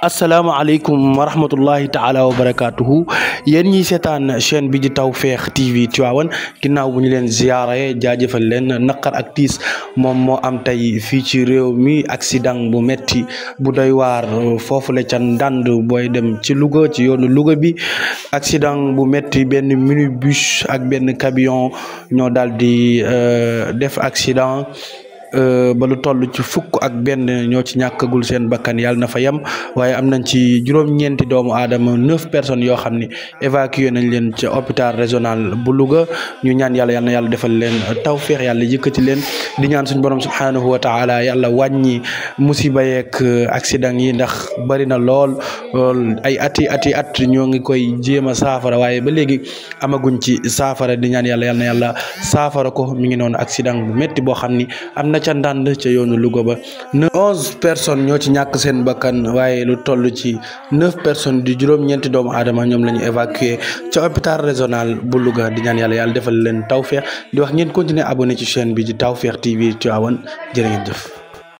asalaamaaleykum wa rahmatullahi taala wa barakaatuhu yéen ñi seetaan chaîne bi di Tawfekh TV Tivaouane ginnaaw bu ñu leen ziyaare jaajëfal leen naqar ak tiis moom moo am tey fii ci réew mi accident bu metti bu doy waar foofu la ca ndànd booy dem ci Louga ci yoonu Louga bi accident bu metti benn minibus ak benn camion ñoo daal di euh, def accident. Eh, ba lu tollu ci fukk ak ben ñoo ci ñàkkagul seen bakkan yal na fa yam waye am nañ ci juroom ñenti doomu adam 9 personnes yo xamni évacuer nañ leen ci hôpital régional bu Louga ñu ñaan yalla yalla yalla defal leen tawfiq yalla yëkëti leen di ñaan suñu borom subhanahu wa taala yalla wañi musiba yek eh, accident yi ndax bari na lool ay ati ati at ñoo ngi koy jema safara waye ba léegi amaguñ ci safara di ñaan yalla yalla yalla safara ko mi ngi non accident bu metti bo xamni amna nga ca ndànd ca yoonu Louga ba onze personnes ñoo ci ñàkk seen bakkan waaye lu toll ci neuf personnes di juróom-ñeenti doomu aadama ñoom la ñu évacué ca hôpital régional bu Louga di ñaan yàlla yàlla defal leen tawféex di wax ngeen continuer abonné ci chaîne bi di Tawfekh TV Tivaouane jërë ngeen jëf